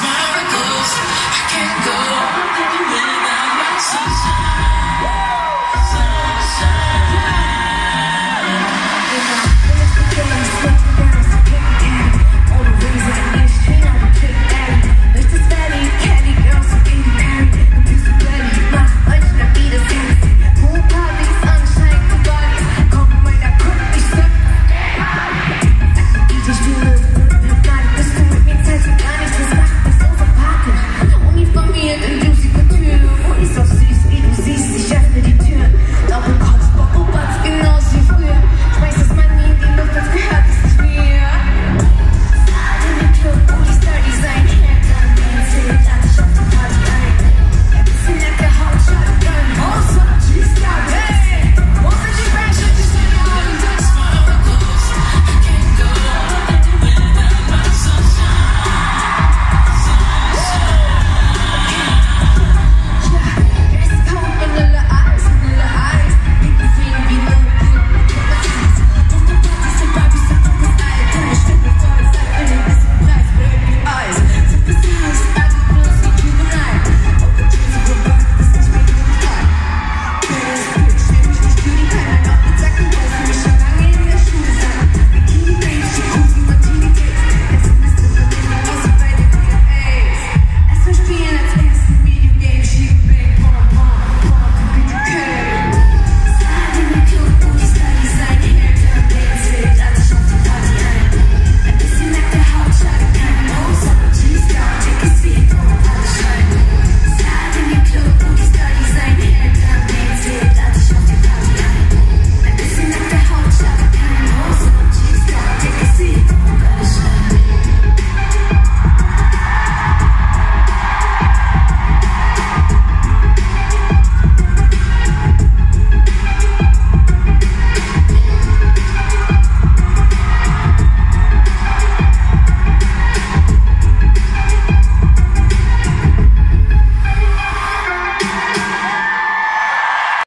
smile.